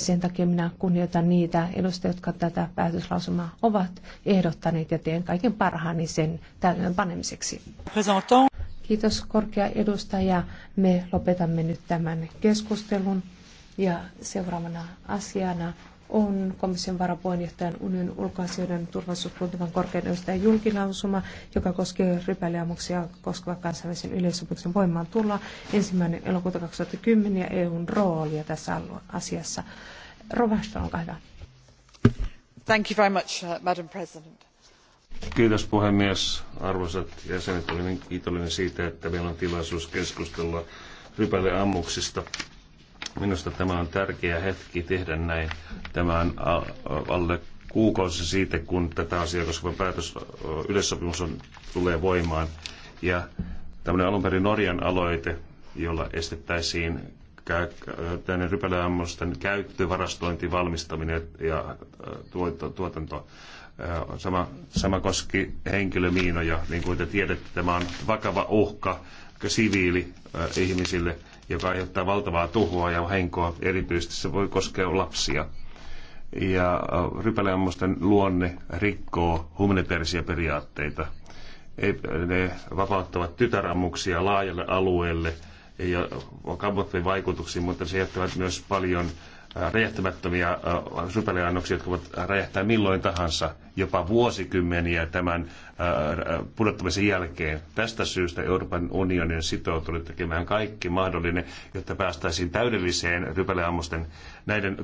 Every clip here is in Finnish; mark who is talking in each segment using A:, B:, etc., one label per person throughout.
A: sen takia minä kunnioitan niitä edustajia, jotka tätä päätöslausumaa ovat ehdottaneet ja teen kaiken parhaani sen täytäntöön panemiseksi. Kiitos korkea edustaja. Me lopetamme nyt tämän keskustelun ja seuraavana asiana on komission varapuheenjohtajan unionin ulkoasioiden turvallisuuspolitiikan korkean edustajan julkilausuma, joka koskee rypäliammuksia koskevan kansainvälisen yleissopimuksen voimaan tulla ensimmäinen elokuuta 2010 ja EUn roolia tässä asiassa.
B: Rovasta, olkaa hyvä. Thank you very much, uh, Madam President.
C: Kiitos puhemies. Arvoisat jäsenet, olen kiitollinen siitä, että meillä on tilaisuus keskustella rypäleammuksista. ammuksista Minusta tämä on tärkeä hetki tehdä näin. Tämä on alle kuukausi siitä, kun tätä asiaa koskeva päätös, yleissopimus on, tulee voimaan. Ja tämmöinen alun perin Norjan aloite, jolla estettäisiin tänne rypäleammusten käyttö, varastointi, valmistaminen ja tuotanto. Sama, sama koski henkilömiinoja, niin kuin te tiedätte, tämä on vakava uhka siviili ihmisille joka aiheuttaa valtavaa tuhoa ja henkoa. Erityisesti se voi koskea lapsia. Ja äh, rypäleammusten luonne rikkoo humanitaarisia periaatteita. Ne vapauttavat tytärammuksia laajalle alueelle ja kammottavia vaikutuksiin, mutta se jättävät myös paljon räjähtämättömiä supeleannoksia, jotka voivat räjähtää milloin tahansa, jopa vuosikymmeniä tämän pudottamisen jälkeen. Tästä syystä Euroopan unioni on sitoutunut tekemään kaikki mahdollinen, jotta päästäisiin täydelliseen rypäleammusten näiden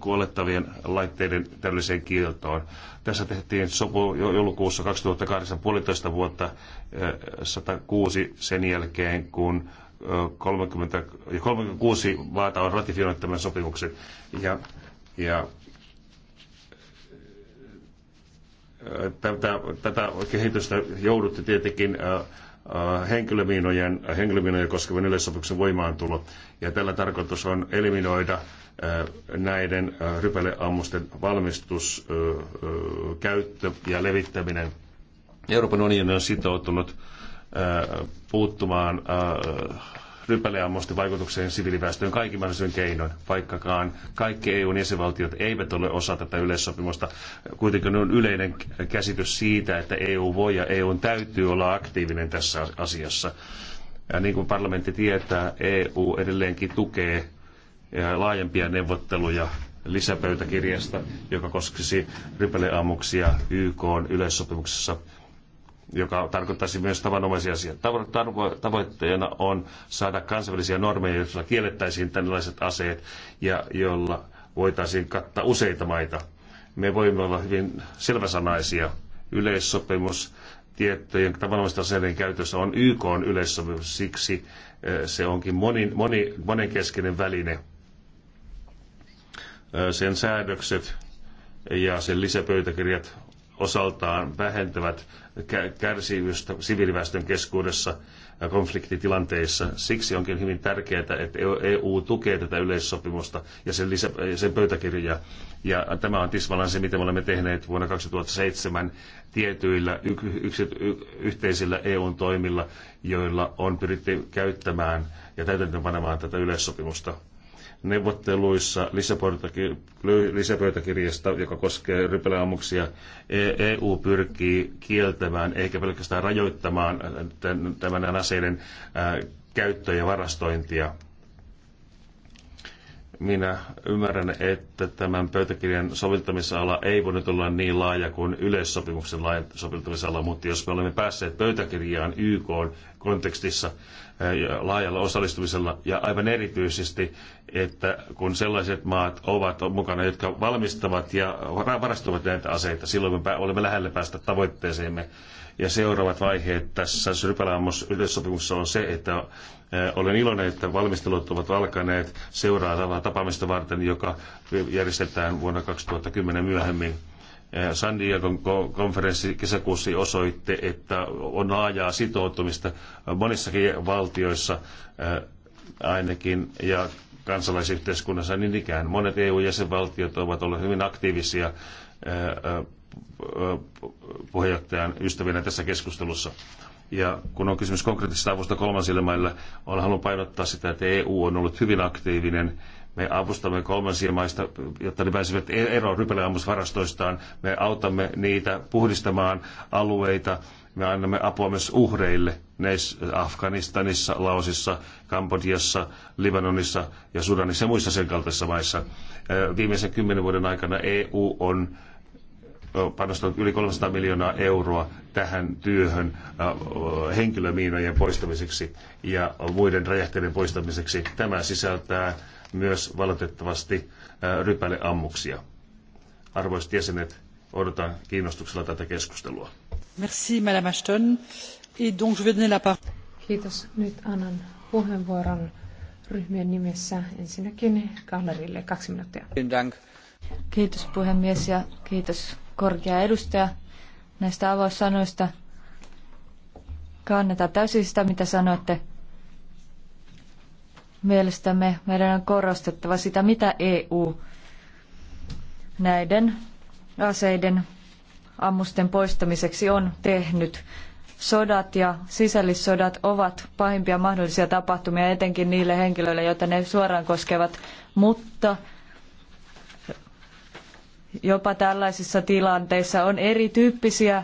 C: kuolettavien laitteiden täydelliseen kieltoon. Tässä tehtiin sopu joulukuussa 2008 puolitoista vuotta 106 sen jälkeen, kun 30 ja 36 maata on ratifioinut tämän sopimuksen. Ja, ja tätä, tätä kehitystä joudutti tietenkin henkilömiinojen, henkilömiinoja koskevan yleissopimuksen voimaantulo. Ja tällä tarkoitus on eliminoida näiden rypäleammusten valmistus, käyttö ja levittäminen. Euroopan unioni on sitoutunut puuttumaan rypäleammusten vaikutukseen siviiliväestöön kaikin mahdollisin keinoin, vaikkakaan kaikki EUn jäsenvaltiot eivät ole osa tätä yleissopimusta. Kuitenkin on yleinen käsitys siitä, että EU voi ja EUn täytyy olla aktiivinen tässä asiassa. Ja niin kuin parlamentti tietää, EU edelleenkin tukee laajempia neuvotteluja lisäpöytäkirjasta, joka koskisi rypäleammuksia YK yleissopimuksessa joka tarkoittaisi myös tavanomaisia asioita. Tavoitteena on saada kansainvälisiä normeja, joilla kiellettäisiin tällaiset aseet ja joilla voitaisiin kattaa useita maita. Me voimme olla hyvin selväsanaisia. Yleissopimus tiettyjen tavanomaisten aseiden käytössä on YK on yleissopimus, siksi eh, se onkin moni, moni, monenkeskeinen väline. Eh, sen säädökset ja sen lisäpöytäkirjat osaltaan vähentävät kärsivystä siviiliväestön keskuudessa konfliktitilanteissa. Siksi onkin hyvin tärkeää, että EU e tukee tätä yleissopimusta ja sen, lisä, sen pöytäkirjaa. Ja tämä on tismallaan se, mitä me olemme tehneet vuonna 2007 tietyillä y- y- y- yhteisillä EUn toimilla, joilla on pyritty käyttämään ja täytäntöönpanemaan tätä yleissopimusta neuvotteluissa lisäpöytäkirjasta, joka koskee rypäleammuksia, EU e pyrkii kieltämään eikä pelkästään rajoittamaan tämän aseiden käyttöä ja varastointia. Minä ymmärrän, että tämän pöytäkirjan soveltamisala ei voi nyt olla niin laaja kuin yleissopimuksen soveltamisala, mutta jos me olemme päässeet pöytäkirjaan YK kontekstissa, Eh, laajalla osallistumisella ja aivan erityisesti, että kun sellaiset maat ovat mukana, jotka valmistavat ja varastavat näitä aseita, silloin me olemme lähellä päästä tavoitteeseemme. Ja seuraavat vaiheet tässä Syrpäläammos yleissopimuksessa on se, että eh, olen iloinen, että valmistelut ovat alkaneet seuraavaa tapaamista varten, joka järjestetään vuonna 2010 myöhemmin Äh, San Diegon konferenssi kesäkuussa osoitti, että on laajaa sitoutumista monissakin valtioissa äh, ainakin ja kansalaisyhteiskunnassa niin ikään. Monet EU-jäsenvaltiot ovat olleet hyvin aktiivisia äh, puheenjohtajan ystävinä tässä keskustelussa. Ja kun on kysymys konkreettisesta avusta kolmansille maille, olen halunnut painottaa sitä, että EU on ollut hyvin aktiivinen me avustamme kolmansia maista, jotta ne pääsevät e- eroon rypäleammusvarastoistaan. Me autamme niitä puhdistamaan alueita. Me annamme apua myös uhreille näissä Afganistanissa, Laosissa, Kambodjassa, Libanonissa ja Sudanissa ja muissa sen kaltaisissa maissa. Viimeisen kymmenen vuoden aikana EU on panostanut yli 300 miljoonaa euroa tähän työhön henkilömiinojen poistamiseksi ja muiden räjähteiden poistamiseksi. Tämä sisältää myös valitettavasti rypäleammuksia. Arvoisat jäsenet, odotan kiinnostuksella tätä keskustelua.
A: Merci, Madame Ashton. Et donc je vais donner la Kiitos. Nyt annan puheenvuoron ryhmien nimessä ensinnäkin Kallerille kaksi minuuttia.
B: Kiitos puhemies ja kiitos korkea edustaja näistä avaussanoista. Kannatan täysin sitä, mitä sanoitte. Mielestämme meidän on korostettava sitä, mitä EU näiden aseiden ammusten poistamiseksi on tehnyt. Sodat ja sisällissodat ovat pahimpia mahdollisia tapahtumia etenkin niille henkilöille, joita ne suoraan koskevat, mutta jopa tällaisissa tilanteissa on erityyppisiä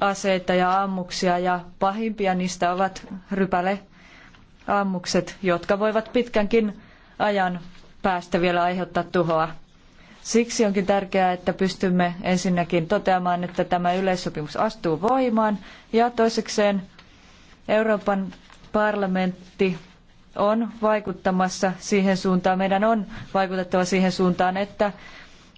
B: aseita ja ammuksia ja pahimpia niistä ovat rypäle ammukset, jotka voivat pitkänkin ajan päästä vielä aiheuttaa tuhoa. Siksi onkin tärkeää, että pystymme ensinnäkin toteamaan, että tämä yleissopimus astuu voimaan ja toisekseen Euroopan parlamentti on vaikuttamassa siihen suuntaan, meidän on vaikutettava siihen suuntaan, että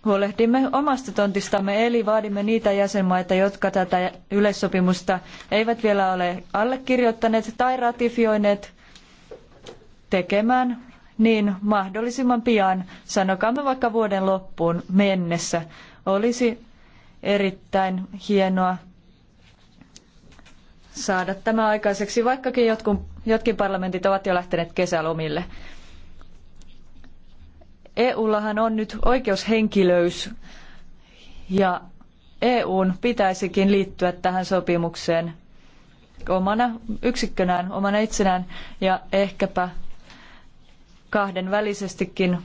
B: huolehdimme omasta tontistamme, eli vaadimme niitä jäsenmaita, jotka tätä yleissopimusta eivät vielä ole allekirjoittaneet tai ratifioineet, tekemään, niin mahdollisimman pian, sanokaamme vaikka vuoden loppuun mennessä, olisi erittäin hienoa saada tämä aikaiseksi, vaikkakin jotkun, jotkin parlamentit ovat jo lähteneet kesälomille. EUllahan on nyt oikeushenkilöys ja EUn pitäisikin liittyä tähän sopimukseen omana yksikkönään, omana itsenään ja ehkäpä kahden välisestikin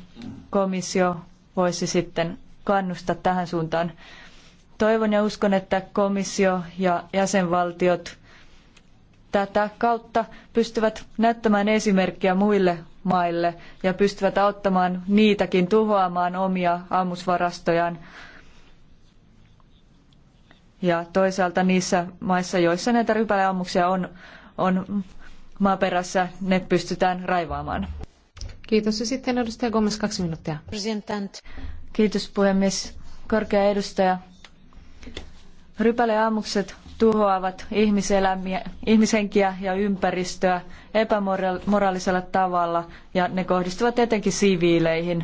B: komissio voisi sitten kannustaa tähän suuntaan. Toivon ja uskon, että komissio ja jäsenvaltiot tätä kautta pystyvät näyttämään esimerkkiä muille maille ja pystyvät auttamaan niitäkin tuhoamaan omia ammusvarastojaan. Ja toisaalta niissä maissa, joissa näitä rypäleammuksia on, on maaperässä, ne pystytään raivaamaan. Kiitos. Ja sitten edustaja Gomez, kaksi minuuttia. President. Kiitos puhemies. Korkea edustaja. Rypäleaamukset tuhoavat ihmiselämiä, ihmishenkiä ja ympäristöä epämoraalisella tavalla ja ne kohdistuvat etenkin siviileihin.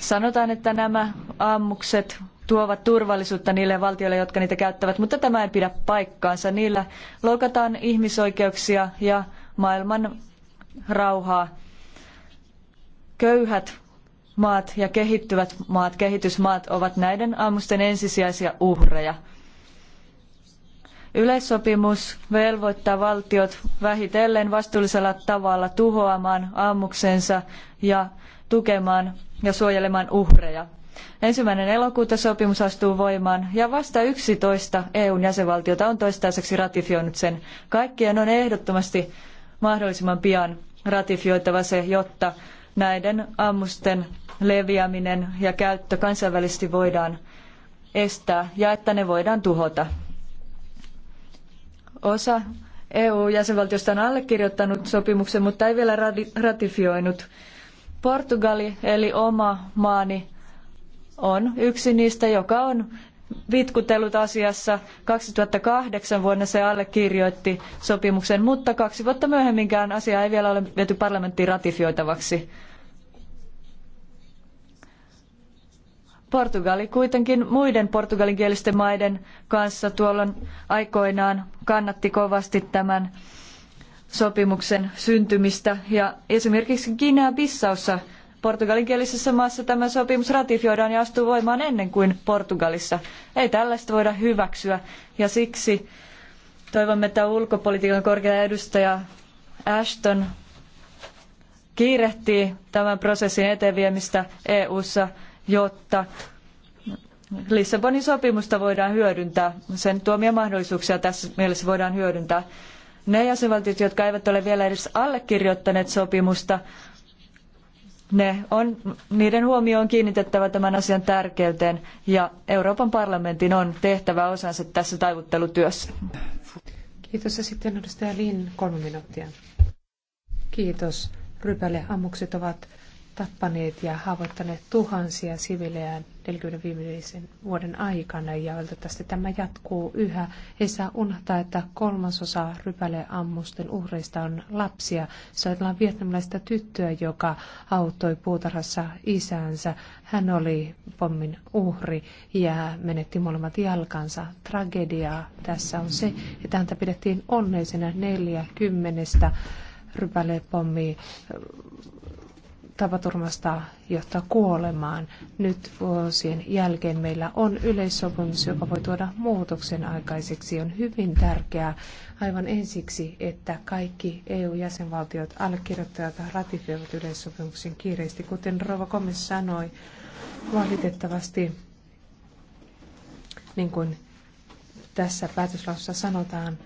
B: Sanotaan, että nämä ammukset tuovat turvallisuutta niille valtioille, jotka niitä käyttävät, mutta tämä ei pidä paikkaansa. Niillä loukataan ihmisoikeuksia ja maailman rauhaa. Köyhät maat ja kehittyvät maat, kehitysmaat ovat näiden aamusten ensisijaisia uhreja. Yleissopimus velvoittaa valtiot vähitellen vastuullisella tavalla tuhoamaan aamuksensa ja tukemaan ja suojelemaan uhreja. Ensimmäinen elokuuta sopimus astuu voimaan ja vasta 11 EUn jäsenvaltiota on toistaiseksi ratifioinut sen. Kaikkien on ehdottomasti mahdollisimman pian ratifioitava se, jotta näiden ammusten leviäminen ja käyttö kansainvälisesti voidaan estää ja että ne voidaan tuhota. Osa EU-jäsenvaltiosta on allekirjoittanut sopimuksen, mutta ei vielä ratifioinut. Portugali, eli oma maani, on yksi niistä, joka on vitkutellut asiassa. 2008 vuonna se allekirjoitti sopimuksen, mutta kaksi vuotta myöhemminkään asia ei vielä ole viety parlamenttiin ratifioitavaksi. Portugali kuitenkin muiden portugalinkielisten maiden kanssa tuolloin aikoinaan kannatti kovasti tämän sopimuksen syntymistä. Ja esimerkiksi Guinea-Bissaussa Portugalinkielisessä maassa tämä sopimus ratifioidaan ja astuu voimaan ennen kuin Portugalissa. Ei tällaista voida hyväksyä ja siksi toivomme, että ulkopolitiikan korkea edustaja Ashton kiirehtii tämän prosessin eteenviemistä EU:ssa, jotta Lissabonin sopimusta voidaan hyödyntää, sen tuomia mahdollisuuksia tässä mielessä voidaan hyödyntää. Ne jäsenvaltiot, jotka eivät ole vielä edes allekirjoittaneet sopimusta, ne on, niiden huomio on kiinnitettävä tämän asian tärkeyteen ja Euroopan parlamentin on tehtävä osansa tässä taivuttelutyössä. Kiitos ja sitten
A: edustaja Lin, kolme minuuttia. Kiitos. Rypäleammukset ovat tappaneet ja haavoittaneet tuhansia sivilejä 45 vuoden aikana ja valitettavasti tämä jatkuu yhä. Ei saa unohtaa, että kolmasosa rypäleammusten uhreista on lapsia. Soitellaan vietnamilaista tyttöä, joka auttoi puutarhassa isäänsä. Hän oli pommin uhri ja menetti molemmat jalkansa. Tragediaa tässä on se, että häntä pidettiin onneisena neljäkymmenestä kymmenestä rypälepommi tapaturmasta johtaa kuolemaan. Nyt vuosien jälkeen meillä on yleissopimus, joka voi tuoda muutoksen aikaiseksi. On hyvin tärkeää aivan ensiksi, että kaikki EU-jäsenvaltiot allekirjoittavat ratifioivat yleissopimuksen kiireesti. Kuten Rova Komis sanoi, valitettavasti, niin kuin tässä päätöslausussa sanotaan,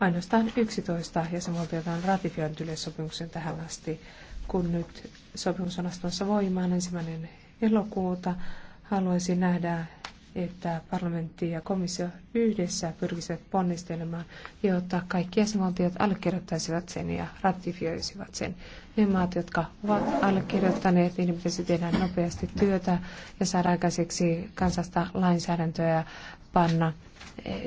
A: ainoastaan 11 jäsenvaltiota on ratifioinut yleissopimuksen tähän asti kun nyt sopimus on astumassa voimaan ensimmäinen elokuuta, haluaisin nähdä, että parlamentti ja komissio yhdessä pyrkisivät ponnistelemaan, jotta kaikki jäsenvaltiot allekirjoittaisivat sen ja ratifioisivat sen. Ne maat, jotka ovat allekirjoittaneet, niin pitäisi tehdä nopeasti työtä ja saada aikaiseksi kansasta lainsäädäntöä ja panna eh,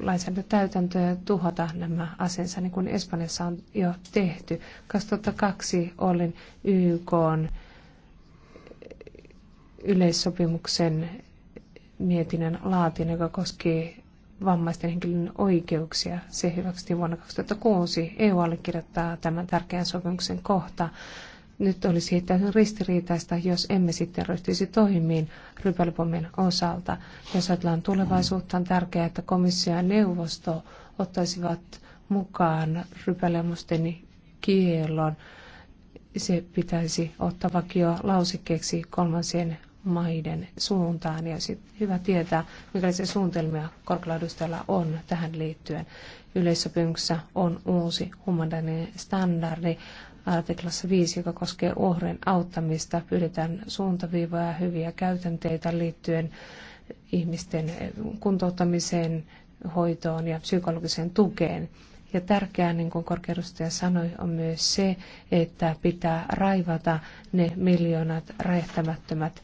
A: lainsäädäntö täytäntöön tuhota nämä asensa, niin kuin Espanjassa on jo tehty. 2002 olin YK yleissopimuksen mietinnön laatin, joka koski vammaisten henkilöiden oikeuksia. Se hyväksyttiin vuonna 2006. EU allekirjoittaa tämän tärkeän sopimuksen kohta. Nyt olisi täysin ristiriitaista, jos emme sitten ryhtyisi toimiin rypälypommin osalta. Jos ajatellaan tulevaisuutta, on tärkeää, että komissio ja neuvosto ottaisivat mukaan rypälemusten kiellon. Se pitäisi ottaa vakio lausikkeeksi kolmansien maiden suuntaan ja sitten hyvä tietää, minkälaisia suunnitelmia korkealla on tähän liittyen. Yleissopimuksessa on uusi humanitaarinen standardi Artiklassa 5, joka koskee uhrien auttamista, pyydetään suuntaviivaa ja hyviä käytänteitä liittyen ihmisten kuntouttamiseen, hoitoon ja psykologiseen tukeen. Ja tärkeää, niin kuin korkeudustaja sanoi, on myös se, että pitää raivata ne miljoonat räjähtämättömät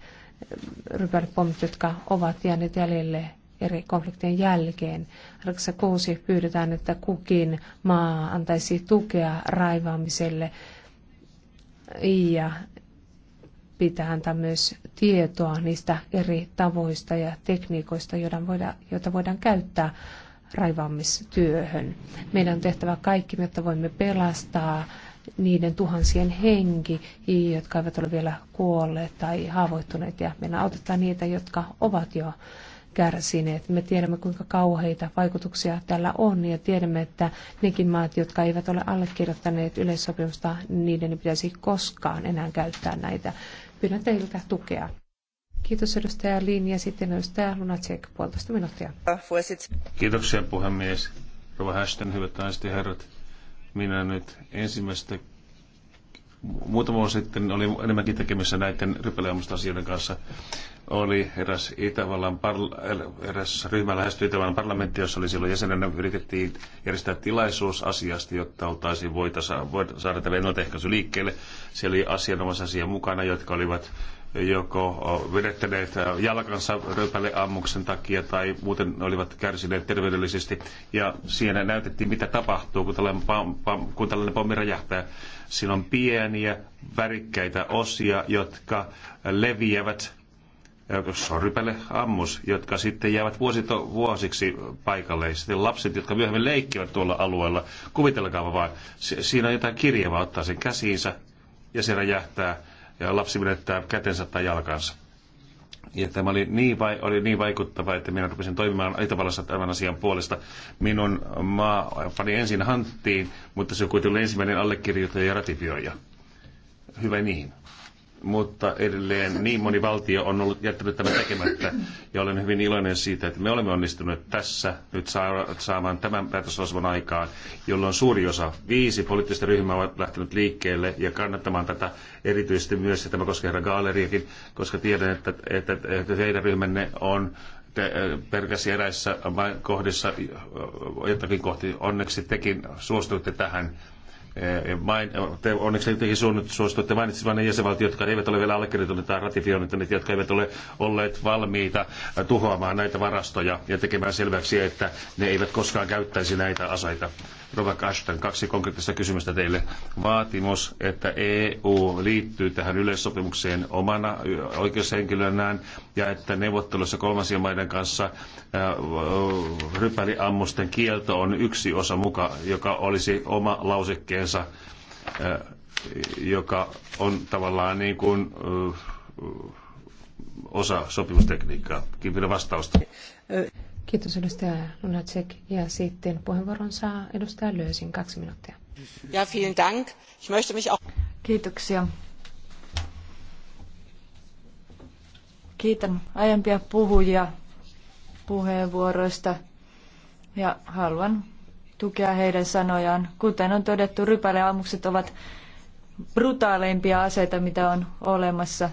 A: rypälepommit, jotka ovat jääneet jäljelle eri konfliktien jälkeen. Artikassa 6 pyydetään, että kukin maa antaisi tukea raivaamiselle ja pitää antaa myös tietoa niistä eri tavoista ja tekniikoista, joita voidaan käyttää raivaamistyöhön. Meidän on tehtävä kaikki, jotta voimme pelastaa niiden tuhansien henki, jotka eivät ole vielä kuolleet tai haavoittuneet, ja meidän autetaan niitä, jotka ovat jo kärsineet. Me tiedämme, kuinka kauheita vaikutuksia tällä on ja tiedämme, että nekin maat, jotka eivät ole allekirjoittaneet yleissopimusta, niiden ei pitäisi koskaan enää käyttää näitä. Pyydän teiltä tukea. Kiitos edustaja Lin ja sitten edustaja Lunacek, puolitoista minuuttia.
C: Kiitoksia puhemies. Rova Hästen, hyvät naiset ja herrat. Minä nyt ensimmäistä muutama vuosi sitten oli enemmänkin tekemissä näiden asioiden kanssa. Oli eräs, Itävallan parla- äh, eräs ryhmä lähestyi Itävallan parlamentti, jossa oli silloin jäsenenä, yritettiin järjestää tilaisuus asiasta, jotta oltaisiin voita, saada tälle ennaltaehkäisy liikkeelle. Siellä oli asianomaisia mukana, jotka olivat joko vedettäneet jalkansa röpäleammuksen takia tai muuten olivat kärsineet terveydellisesti. Ja siinä näytettiin, mitä tapahtuu, kun tällainen, pam, pam, kun tällainen pommi räjähtää. Siinä on pieniä, värikkäitä osia, jotka leviävät sorrypälle ammus, jotka sitten jäävät vuosito, vuosiksi paikalle. Ja sitten lapset, jotka myöhemmin leikkivät tuolla alueella, kuvitelkaa vaan, siinä on jotain kirjavaa, ottaa sen käsiinsä ja se räjähtää ja lapsi menettää kätensä tai jalkansa. Ja tämä oli niin, vai, oli niin vaikuttava, että minä rupesin toimimaan Itävallassa tämän asian puolesta. Minun maa pani ensin hanttiin, mutta se on kuitenkin ensimmäinen allekirjoittaja ja ratifioija. Hyvä niin mutta edelleen niin moni valtio on ollut jättänyt tämän tekemättä. Ja olen hyvin iloinen siitä, että me olemme onnistuneet tässä nyt saamaan tämän päätösosman aikaan, jolloin suuri osa, viisi poliittista ryhmää on lähtenyt liikkeelle ja kannattamaan tätä erityisesti myös, ja tämä koskee herra Gaaleriakin, koska tiedän, että, että, että heidän ryhmänne on pelkäsi eräissä kohdissa, jotakin kohti onneksi tekin suostuitte tähän Eh, main, te onneksi jotenkin suostuitte mainitsemaan ne jäsenvaltiot, jotka eivät ole vielä allekirjoittaneet tai ratifioineet, jotka eivät ole olleet valmiita eh, tuhoamaan näitä varastoja ja tekemään selväksi, että ne eivät koskaan käyttäisi näitä aseita. Rova Kashtan, kaksi konkreettista kysymystä teille. Vaatimus, että EU liittyy tähän yleissopimukseen omana oikeushenkilönään ja että neuvottelussa kolmansien maiden kanssa äh, rypäliammusten kielto on yksi osa muka, joka olisi oma lausekkeensa, äh, joka on tavallaan niin kuin äh, osa sopimustekniikkaa. Kiitos vastausta.
A: Kiitos edustaja Lunacek. Ja sitten puheenvuoron saa edustaja Löysin
B: kaksi minuuttia.
A: Ja vielen dank. Ich möchte mich auch...
B: Kiitoksia. Kiitän aiempia puhujia puheenvuoroista ja haluan tukea heidän sanojaan. Kuten on todettu, rypäleammukset ovat brutaaleimpia aseita, mitä on olemassa.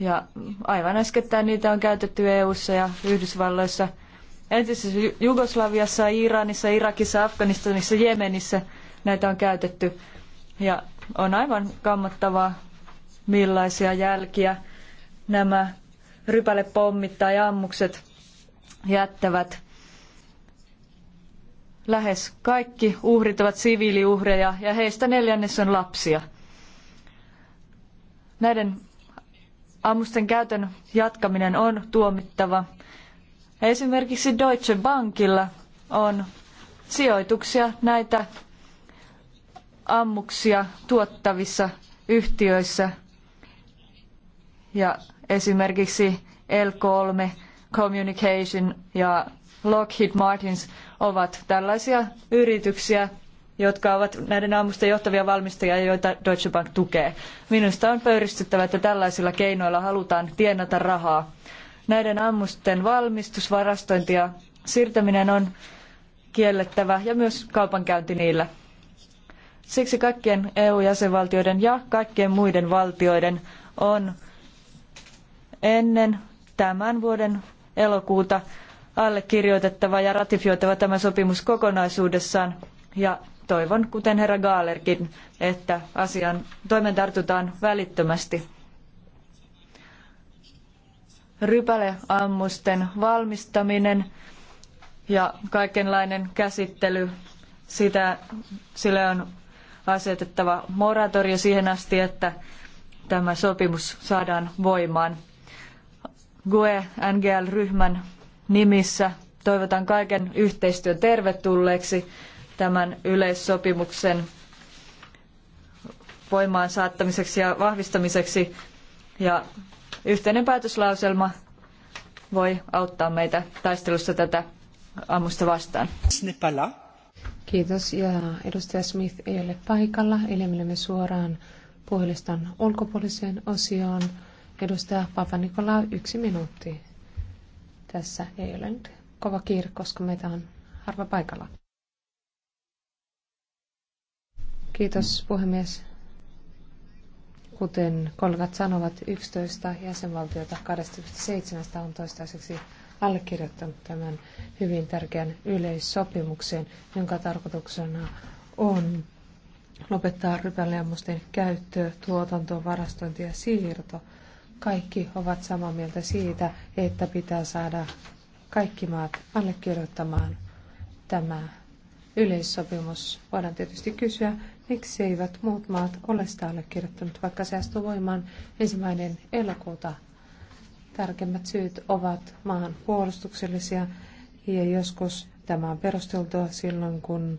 B: Ja aivan äskettäin niitä on käytetty EU:ssa ja Yhdysvalloissa, entisessä Jugoslaviassa, Iranissa, Irakissa, Afganistanissa, Jemenissä näitä on käytetty. Ja on aivan kammottavaa, millaisia jälkiä nämä rypälepommit tai ammukset jättävät. Lähes kaikki uhrit ovat siviiliuhreja ja heistä neljännes on lapsia. Näiden Ammusten käytön jatkaminen on tuomittava. Esimerkiksi Deutsche Bankilla on sijoituksia näitä ammuksia tuottavissa yhtiöissä ja esimerkiksi L3 Communication ja Lockheed Martins ovat tällaisia yrityksiä, jotka ovat näiden aamusta johtavia valmistajia, joita Deutsche Bank tukee. Minusta on pöyristyttävää, että tällaisilla keinoilla halutaan tienata rahaa. Näiden ammusten valmistus, varastointi ja siirtäminen on kiellettävä ja myös kaupankäynti niillä. Siksi kaikkien EU-jäsenvaltioiden ja kaikkien muiden valtioiden on ennen tämän vuoden elokuuta allekirjoitettava ja ratifioitava tämä sopimus kokonaisuudessaan ja toivon, kuten herra Gaalerkin, että asian toimen tartutaan välittömästi. Rypäleammusten valmistaminen ja kaikenlainen käsittely, sitä, sille on asetettava moratorio siihen asti, että tämä sopimus saadaan voimaan. GUE NGL-ryhmän nimissä toivotan kaiken yhteistyön tervetulleeksi tämän yleissopimuksen voimaan saattamiseksi ja vahvistamiseksi. Ja yhteinen päätöslauselma voi auttaa meitä taistelussa tätä ammusta vastaan.
A: Kiitos. Ja edustaja Smith ei ole paikalla, eli menemme suoraan puhelistan ulkopuoliseen osioon. Edustaja Papa Nikola, yksi minuutti. Tässä ei ole nyt kova kiire, koska meitä on harva paikalla. Kiitos puhemies. Kuten kollegat sanovat, 11 jäsenvaltiota 27 on toistaiseksi allekirjoittanut tämän hyvin tärkeän yleissopimuksen, jonka tarkoituksena on lopettaa rypäleammusten käyttö, tuotanto, varastointi ja siirto. Kaikki ovat samaa mieltä siitä, että pitää saada kaikki maat allekirjoittamaan tämä yleissopimus. Voidaan tietysti kysyä, miksi eivät muut maat ole sitä allekirjoittanut, vaikka se astuu voimaan ensimmäinen elokuuta. Tärkeimmät syyt ovat maan puolustuksellisia ja joskus tämä on perusteltua silloin, kun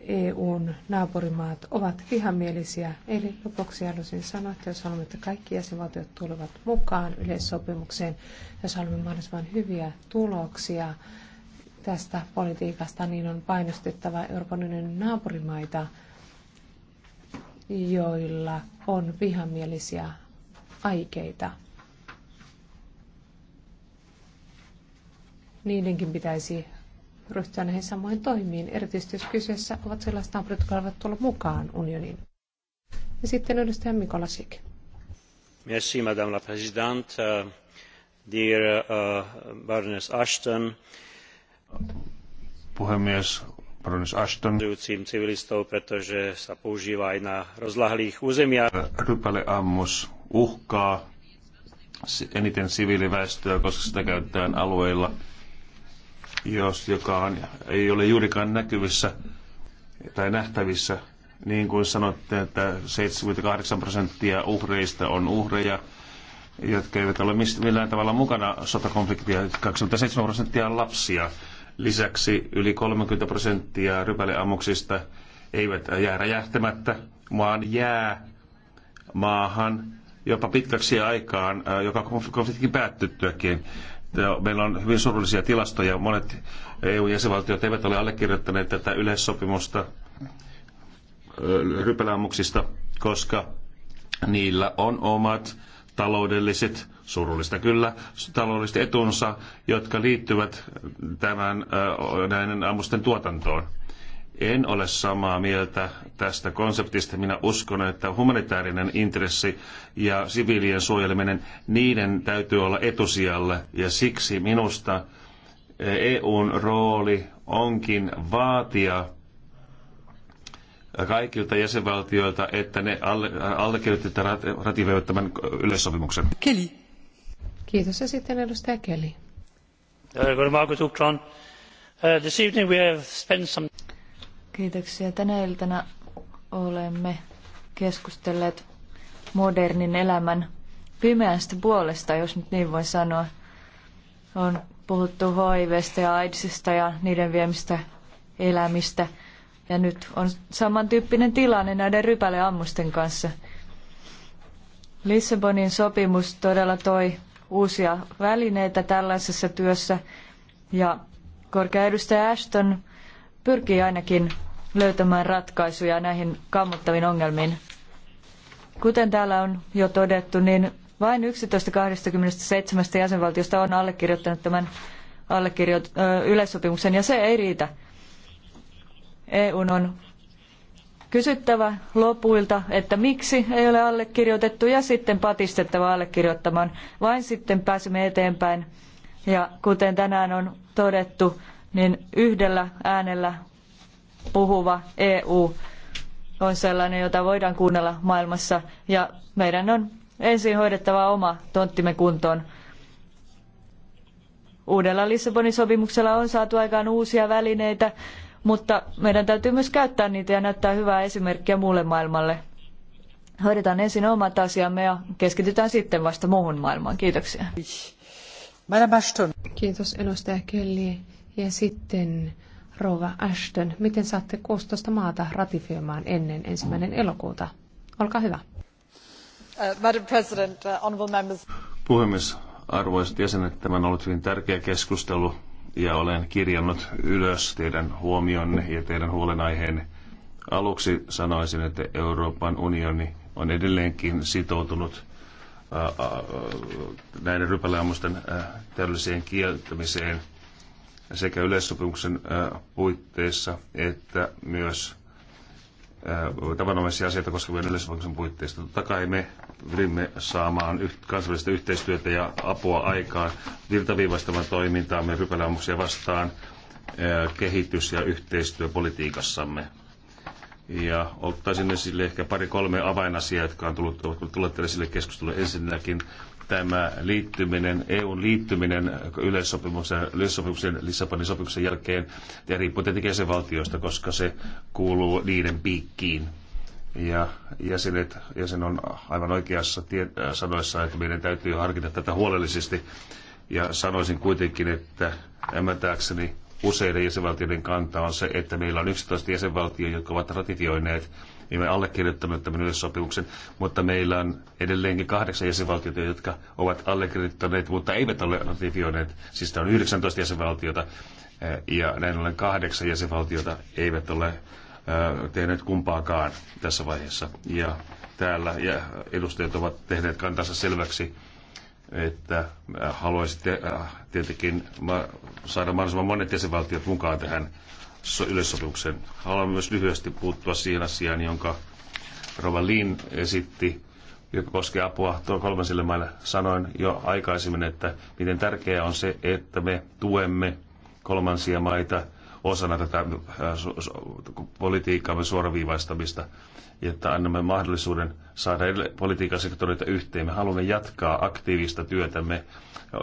A: EUn naapurimaat ovat vihamielisiä. Eli lopuksi haluaisin sanoa, että jos haluamme, että kaikki jäsenvaltiot tulevat mukaan yleissopimukseen, jos haluamme mahdollisimman hyviä tuloksia, tästä politiikasta, niin on painostettava Euroopan unionin naapurimaita, joilla on vihamielisiä aikeita. Niidenkin pitäisi ryhtyä näihin samoin toimiin, erityisesti jos kyseessä ovat sellaiset naapurit, jotka ovat tulla mukaan unioniin. Ja sitten edustaja Sik.
C: Merci, madame la présidente. Euh, dear uh, Baroness Ashton, Puhemies Bronis Ashton. civilistov, pretože sa používa aj na rozlahlých územiach. Rypäleammus uhkaa eniten siviiliväestöä, koska sitä käytetään alueilla, jos, joka on, ei ole juurikaan näkyvissä tai nähtävissä. Niin kuin sanotte, että 78 prosenttia uhreista on uhreja, jotka eivät ole millään tavalla mukana sotakonfliktia. 27 prosenttia on lapsia. Lisäksi yli 30 prosenttia rypäleammuksista eivät jää räjähtämättä, vaan jää maahan jopa pitkäksi aikaan, joka konfliktin päättyttyäkin. Meillä on hyvin surullisia tilastoja. Monet EU-jäsenvaltiot eivät ole allekirjoittaneet tätä yleissopimusta rypäleammuksista, koska niillä on omat taloudelliset, surullista kyllä, taloudelliset etunsa, jotka liittyvät tämän näiden ammusten tuotantoon. En ole samaa mieltä tästä konseptista. Minä uskon, että humanitaarinen intressi ja siviilien suojeleminen, niiden täytyy olla etusijalle. Ja siksi minusta EUn rooli onkin vaatia kaikilta jäsenvaltioilta, että ne alle, allekirjoittivat ratifioivat tämän yleissopimuksen.
A: Keli. Kiitos ja sitten edustaja Keli.
B: Kiitoksia. Tänä iltana olemme keskustelleet modernin elämän pimeästä puolesta, jos nyt niin voi sanoa. On puhuttu HIVstä ja AIDSista ja niiden viemistä elämistä – ja nyt on samantyyppinen tilanne näiden rypäleammusten kanssa. Lissabonin sopimus todella toi uusia välineitä tällaisessa työssä ja korkea edustaja Ashton pyrkii ainakin löytämään ratkaisuja näihin kammottaviin ongelmiin. Kuten täällä on jo todettu, niin vain 11.27. jäsenvaltiosta on allekirjoittanut tämän allekirjoit- yleissopimuksen ja se ei riitä. EUn on kysyttävä lopuilta, että miksi ei ole allekirjoitettu ja sitten patistettava allekirjoittamaan. Vain sitten pääsemme eteenpäin. Ja kuten tänään on todettu, niin yhdellä äänellä puhuva EU on sellainen, jota voidaan kuunnella maailmassa. Ja meidän on ensin hoidettava oma tonttimme kuntoon. Uudella Lissabonin sopimuksella on saatu aikaan uusia välineitä mutta meidän täytyy myös käyttää niitä ja näyttää hyvää esimerkkiä muulle maailmalle. Hoidetaan ensin omat asiamme ja keskitytään sitten vasta muuhun maailmaan. Kiitoksia. Madame Ashton. Kiitos edustaja Kelly. Ja sitten
A: Rova Ashton, miten saatte 16 maata ratifioimaan ennen ensimmäinen elokuuta?
B: Olkaa hyvä. Uh, Madam President, uh, honorable members.
C: Puhemies, arvoisat jäsenet, tämä on ollut hyvin tärkeä keskustelu ja olen kirjannut ylös teidän huomionne ja teidän huolenaiheen. Aluksi sanoisin, että Euroopan unioni on edelleenkin sitoutunut näiden rypäleammusten täydelliseen kieltämiseen sekä yleissopimuksen puitteissa että myös tavanomaisia asioita koskevien yleissopimuksen puitteissa. Totta kai me pyrimme saamaan kansainvälistä yhteistyötä ja apua aikaan virtaviivaistamaan toimintaamme rypäläammuksia vastaan kehitys- ja yhteistyöpolitiikassamme. Ja ottaisin esille ehkä pari-kolme avainasiaa, jotka on tullut, ovat tulleet esille keskusteluun. Ensinnäkin tämä liittyminen, EUn liittyminen yleissopimuksen, yleissopimuksen Lissabonin sopimuksen jälkeen ja riippuu tietenkin jäsenvaltioista, koska se kuuluu niiden piikkiin ja jäsenet, jäsen on aivan oikeassa tie, äh, sanoissa, että meidän täytyy harkita tätä huolellisesti. Ja sanoisin kuitenkin, että ymmärtääkseni useiden jäsenvaltioiden kanta on se, että meillä on 11 jäsenvaltio, jotka ovat ratifioineet ja niin me allekirjoittaneet tämän yleissopimuksen, mutta meillä on edelleenkin kahdeksan jäsenvaltiota, jotka ovat allekirjoittaneet, mutta eivät ole ratifioineet. Siis tämä on 19 jäsenvaltiota äh, ja näin ollen kahdeksan jäsenvaltiota eivät ole tehneet kumpaakaan tässä vaiheessa. Ja täällä ja edustajat ovat tehneet kantansa selväksi, että haluaisitte tietenkin saada mahdollisimman monet jäsenvaltiot mukaan tähän yleissopimukseen. Haluan myös lyhyesti puuttua siihen asiaan, jonka Rova Lin esitti, joka koskee apua tuo kolmansille maille. Sanoin jo aikaisemmin, että miten tärkeää on se, että me tuemme kolmansia maita – osana tätä äh, politiikkaamme suoraviivaistamista, että annamme mahdollisuuden saada politiikan sektoreita yhteen. Me haluamme jatkaa aktiivista työtämme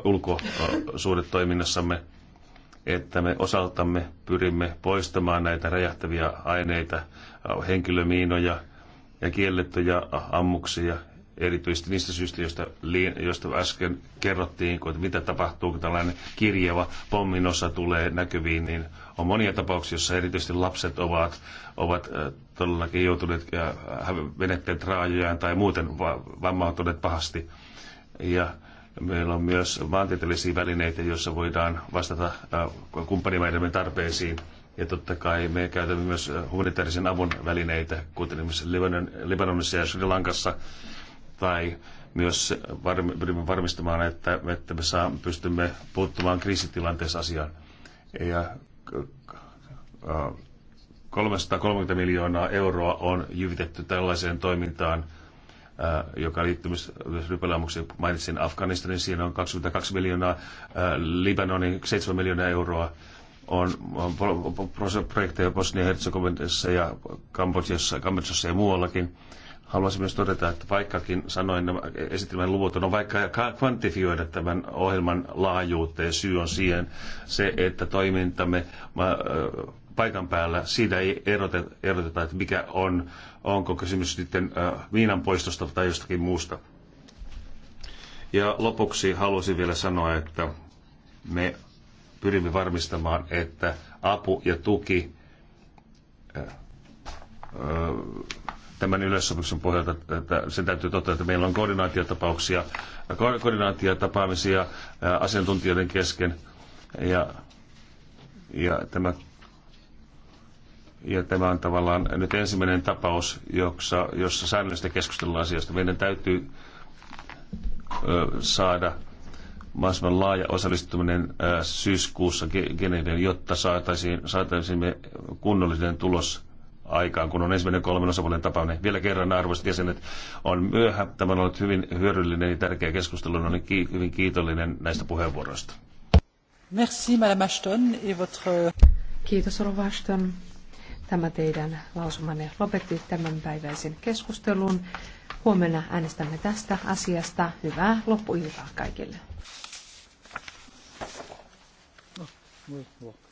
C: ulkosuudetoiminnassamme, että me osaltamme pyrimme poistamaan näitä räjähtäviä aineita, äh, henkilömiinoja ja kiellettyjä ammuksia erityisesti niistä syistä, joista, joista äsken kerrottiin, kun, että mitä tapahtuu, kun tällainen kirjava pommin osa tulee näkyviin, niin on monia tapauksia, joissa erityisesti lapset ovat, ovat äh, todellakin joutuneet äh, venettäneet raajojaan tai muuten vammautuneet pahasti. Ja meillä on myös maantieteellisiä välineitä, joissa voidaan vastata äh, kumppanimaidemme tarpeisiin. Ja totta kai me käytämme myös humanitaarisen avun välineitä, kuten esimerkiksi Libanonissa ja Sri Lankassa tai myös pyrimme varmistamaan, että, että me saa, pystymme puuttumaan kriisitilanteessa asiaan. Ja 330 miljoonaa euroa on jyvitetty tällaiseen toimintaan, joka liittyy myös rypeläämuksiin. Mainitsin Afganistanin, siinä on 22 miljoonaa, Libanonin 7 miljoonaa euroa, on, projekteja Bosnia-Herzegovinassa ja Kambodžassa, Kambodžassa ja muuallakin. Haluaisin myös todeta, että vaikkakin sanoin nämä esitelmän luvut, on no vaikka kvantifioida tämän ohjelman laajuutta ja syy on siihen se, että toimintamme paikan päällä, siitä ei eroteta, eroteta että mikä on, onko kysymys sitten viinan poistosta tai jostakin muusta. Ja lopuksi haluaisin vielä sanoa, että me pyrimme varmistamaan, että apu ja tuki tämän yleissopimuksen pohjalta, että sen täytyy toteuttaa, että meillä on koordinaatiotapauksia, koordinaatiotapaamisia asiantuntijoiden kesken ja, ja tämä ja tämä on tavallaan nyt ensimmäinen tapaus, jossa, jossa säännöllisesti keskustellaan asiasta. Meidän täytyy ö, saada mahdollisimman laaja osallistuminen ö, syyskuussa Geneveen, jotta saataisiin, saataisiin me kunnollinen tulos aikaan, kun on ensimmäinen kolmen osapuolen tapaaminen. Vielä kerran, arvoisat jäsenet, on myöhä. Tämä on ollut hyvin hyödyllinen ja tärkeä keskustelu. Olen no niin, ki- hyvin kiitollinen näistä puheenvuoroista.
A: Merci, Madame Ashton, et votre... Kiitos, Rova Ashton. Tämä teidän lausumanne lopetti tämänpäiväisen keskustelun. Huomenna äänestämme tästä asiasta. Hyvää loppuiltaa kaikille.
B: No, no, no.